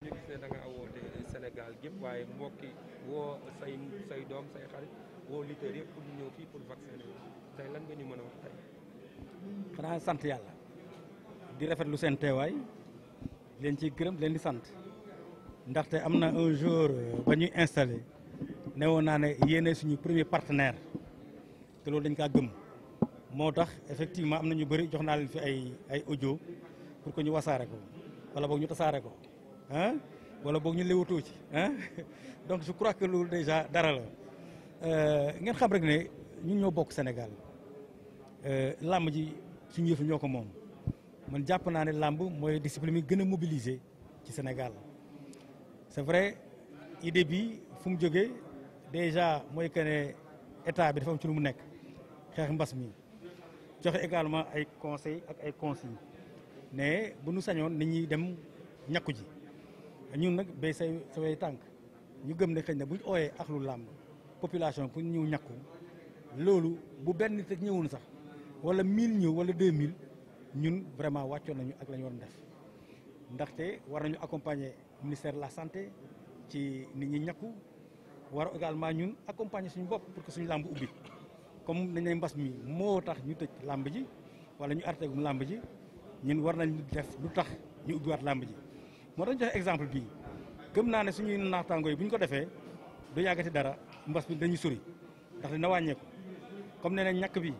ñu gis Sénégal gépp waaye mbokki woo say say doom say xarit pour ñu lan nga ñu mën a wax xanaa sant yàlla di rafetlu seen teewaay leen ciy gërëm leen di sant ndaxte am na un jour euh, ba ñuy installé ne naa ne yéene suñu premier partenaire te loolu dañ kaa gëm moo tax effectivement am na ñu bëri jox naa leen fi ay ay audio pour ko ñu wasaare ko wala boog ñu tasaare ko. ah wala boog ñu léwatoo ci ah donc je crois que loolu déjà dara la euh, ngeen xam rek ne ñun ñoo bokk Sénégal euh, làmb ji suñu yëfu ñoo ko moom man jàpp naa ne làmb mooy discipline yi gën a mobiliser ci Sénégal c'est vrai idée bi fu mu jógee déjà mooy que ne état bi dafa ci lu mu nekk xeex mbas mi joxe également ay conseils ak ay conseil mais bu nu sañoon nit ñi dem ñàkku ji. ñun nag béy say sa way tànk ñu gëm ne xëy na bu ñu ooyee ak làmb population pour ñu ñàkku loolu bu benn te ak ñëwoon sax wala 1000 ñëw wala 2000 ñun vraiment wàccoon nañu ak lañu ñu war def ndaxte war nañu accompagner ministère de la santé ci nit ñi ñàkku war également ñun accompagner suñu bopp pour que suñu làmb ubbi comme dañ ne mbas mi moo tax ñu tëj làmb ji wala ñu arteegum làmb ji ñun war nañ def lu tax ñu ubbiwaat làmb ji. moo doon joxe exemple bii gëm naa ne suñuy naataango yi bu ñu ko defee du yàggati dara mbas mi dañuy suri ndax dina wàññeeku comme nee nañ ñàkk bi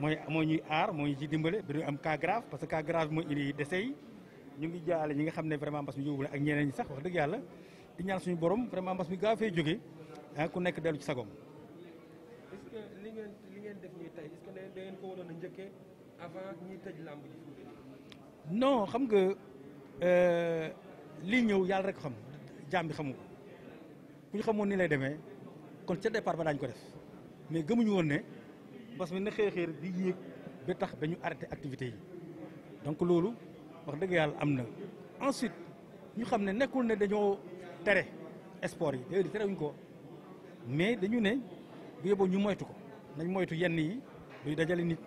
mooy moo ñuy aar mooy ñu ci dimbale bi ñu am cas grave parce que cas grave mooy indi décès yi ñu ngi jaale ñi nga xam ne vraiment mbas mi yóbbu ak ñeneen ñi sax wax dëgg yàlla di ñaan suñu borom vraiment mbas mi gaaw fee jógee ah ku nekk dellu ci sagom est-ce que li a non xam nga. Euh, lii ñëw yàlla rek xam jaam bi xamu ko ñu xamoon ni lay demee kon ca depart ba daañu ko def mais gëmuñu woon ne mbas mi na xeexeer bi yéeg ba tax ba ñu arrêté activité yi donc loolu wax dëgg yàlla am na ensuite ñu xam ne nekkul ne dañoo tere sport yi déedéet terewuñ ko mais dañu ne bu yóbboo ñu moytu ko nañ moytu yenn yi luy dajale nit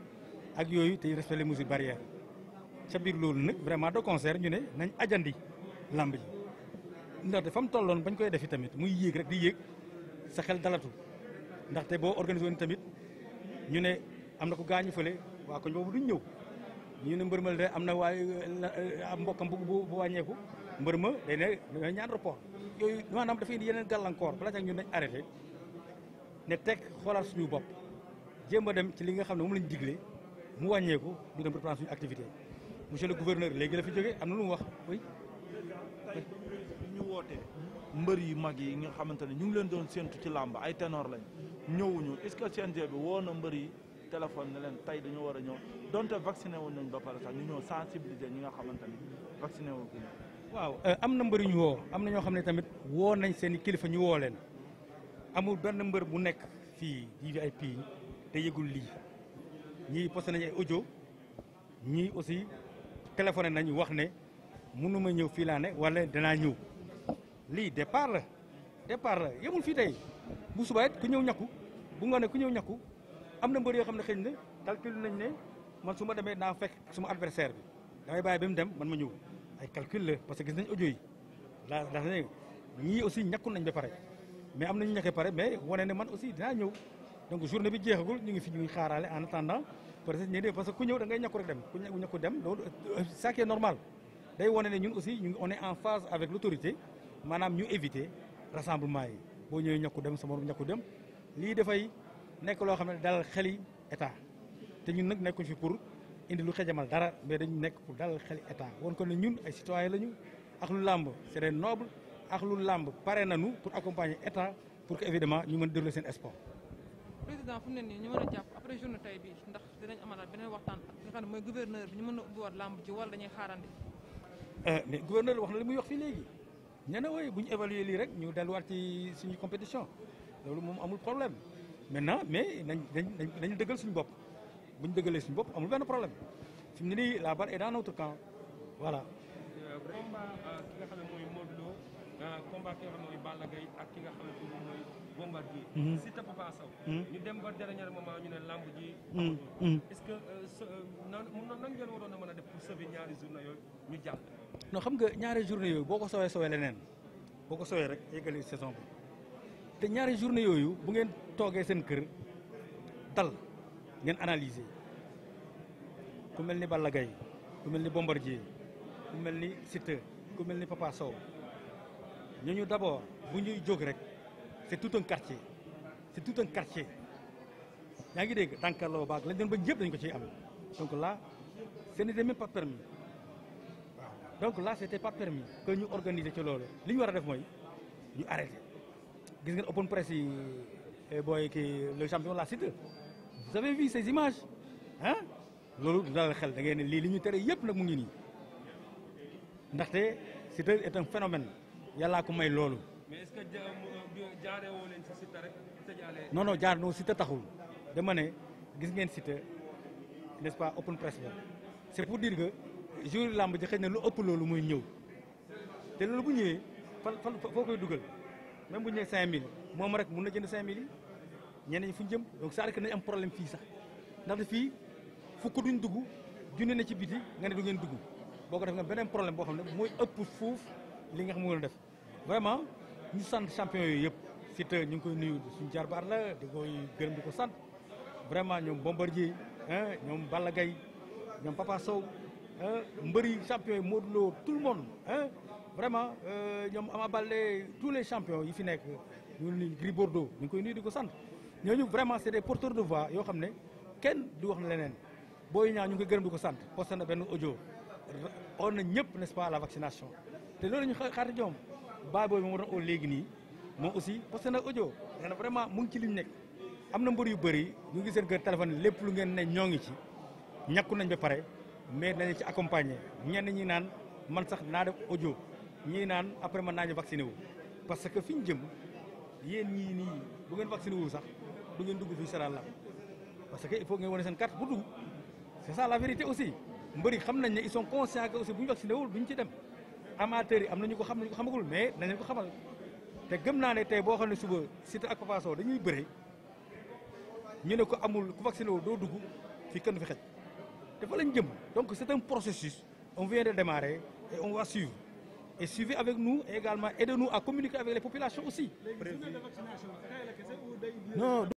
ak yooyu te respecté les mesures barrières ca biir loolu nag vraiment de concert ñu ne nañ ajandi lamb ji ndaxte fa mu tolloon bañ koy defi tamit muy yéeg rek di yéeg sa xel dalatu ndaxte boo organisé tamit ñu ne am na ko gaañu fële waa koñ boobu duñ ñëw ñu ne mbër ma de am na waaye mbokkam bu bu wàññeeku mbër ma day ne dañoo ñaan report yooyu maanaam dafay indi yeneen gàllankoor bala tax ñun nañ arrêté ne teg xoolaat suñu bopp jéem a dem ci li nga xam ne moom lañ digle mu wàññeeku ñu dem reprendre suñu activité monsieur le gouverneur léegi la fi jógee am na lu mu wax oui. mbër yi mag yi nga xamante ne ñu ngi leen doon séntu ci làmb ay ténor lañ ñëwuñu est-ce que CNG bi woo na mbër yi téléphone ne leen tey dañoo war a ñëw donte vacciné wuñ nañ ba pare sax ñu ñëw sensibiliser ñi nga xamante ni vacciné wu waaw euh, am na mbër yu ñu woo am na ñoo xam ne tamit woo nañ seen kilifa ñu woo leen amul benn mbër mu nekk fii VIP te yëgul lii ñii posté nañ ay audio ñii aussi. téléphoné nañu wax ne mënuma ñëw fii laa ne wala danaa ñëw lii départ la départ la yemul fii tey bu subaa it ku ñëw ñakku bu ngoonee ku ñëw ñakku am na mbër yoo xam ne xëy na calcul nañ ne man su ma demee naa fekk suma adversaire bi damay baay ba mu dem man ma ñëw ay calcul la parce que gis nañ audio yi la ndax ne ñii aussi ñàkkul nañ ba pare mais am na ñu ñàkkee pare mais wane ne man aussi dinaa ñëw donc journée bi jeexagul ñu ngi fi ñu ngi xaarale en attendant parce que ñeneen parce que ku ñëw da ngay ñàkku rek dem ku ñàkku dem loolu euh, ça qui est normal day wane ne ñun aussi ñu ngi est en phase avec l'autorité maanaam ñu éviter rassemblement yi boo ñëwee ñokku dem sama morom ñàkku dem lii dafay nekk loo xam ne dalal xeli état te ñun nag nekkuñ fi pour indi lu xejamal dara mais dañu nekk pour dalal xeli état won ko ne ñun ay citoyen lañu ak lu làmb c'est des nobles ak lu làmb pare na nañu pour accompagner état pour que évidemment ñu mën a dérouler seen sport président fu mu ne nii ñu mën a jàpp après journée tey bi ndax dinañ amalaat beneen waxtaan nga xam ne mooy gouverneur bi ñu mën a ubbiwaat làmb ji wala dañuy xaarandi. Eh, mais gouverneur wax na li muy wax fii léegi nee na waaye bu ñu évaluer lii rek ñu delluwaat ci suñu compétition loolu moom amul problème maintenant mais nañ nañ dëggal suñu bopp bu dëggalee suñu bopp amul benn problème fi mu ne nii la barre est dans notre combat ki xam Balla Gaye ak nga xam ne moom mooy mhm. si ta Papa mhm. dem ba dernier moment ñu ne lamb ji mhm. est-ce que euh, euh, nan nan ngeen waroon a mën a def pour sauver ñaari journée yooyu ñu jàll non xam nga ñaari journée yooyu boo ko sowee sowee leneen boo ko sowee rek yëgale saison bi te ñaari journée yooyu bu ngeen toogee seen kër dal ngeen analyser ku mel ni Balla Gaye ku mel ni Bombardier ku mel ni Siteu ku mel ni Papa Sow ñooñu d'abord bu ñuy jóg rek c'est tout un quartier c'est tu un quartier ñaa ngi dégg tànkarloo baag lañ doon ba ñëpp dañ ko ciy am donc la ce n'était même pas permis waaw donc là c'était pas permis que ñu organiser ci loolu li ñu war a def mooy ñu arrêté gis ngeen open press yi eh, booy kii le champion la cité vous avez vu ces images ah loolu dal xel da ngeen ne lii li ñu tere yëpp nag mu ngi nii ndaxte c'est un phénomène yàllaa ko may loolu. mais est-ce que euh, jaaree woo leen ci Siteu rek tëjaale. non jaar noo Siteu taxul dama ne gis ngeen Siteu n'est-ce pas open press ba c'est pour dire que jour làmb ji xëy na lu ëpp loolu muy ñëw te loolu bu ñëwee fan fan foo koy dugal même bu ñu nee 5000 moom rek mun na jënd 5000 yi ñeneen ñi fu ñu jëm donc ça rek nañ am problème fii sax ndaxte fii fukk duñ dugg junne na ci biti nga ne du ngeen dugg boo ko def nga beneen problème boo xam ne mooy ëpp fuuf. li nga xam nga def vraiment ñu sant champion yooyu yëpp Siteu ñu ngi koy nuyu suñu jarbaar la di koy gërëm di ko sant vraiment ñoom Bombardier ñoom Balla Gaye ñoom Papa Sow mbëri champion yi Modou Lo tout le monde vraiment euh, ñoom Ama Baldé tous les champions yi fi nekk ñu ngi nuyu Gris Bordeaux ñu ngi koy nuy di ko sant ñooñu vraiment c'est des porteurs de voix yoo xam ne kenn du wax na leneen booy ñaa ñu ngi koy gërëm di ko sant posté na benn ojo on na ñëpp n'est-ce pas à la vaccination te loolu ñu xaar jom baay booy bi moo doon oo léegi nii moom aussi parce que nag audio nee na mu ngi ci li ñu nekk am na mbër yu bëri ñu ngi seen kër téléphone lépp lu ngeen ne ñoo ngi ci ñàkku nañ ba pare mais nañu ci accompagner ñenn ñi naan man sax naa def audio ñii naan après ma naa ñu wu. parce que fi ñu jëm yéen ñii nii bu ngeen vacciné wu sax du ngeen dugg fii sara la parce que il faut ngeen wane seen carte bu dugg c'est ça la vérité aussi mbëri xam nañ ne ils sont conscients que aussi wul duñ ci dem. amateurs yi am nañu ko xam nañu ko xamagul mais nañ leen ko xamal te gëm naa ne tey boo xam ne suba Siteu ak Papa Sow dañuy bëre ñu ne ko amul ku vacciné wu doo duggu fi kenn fi xej te fa lañ jëm donc c'est un processus on vient de démarrer et on va suivre et suivez avec nous et également aidez-nous à avec les populations aussi.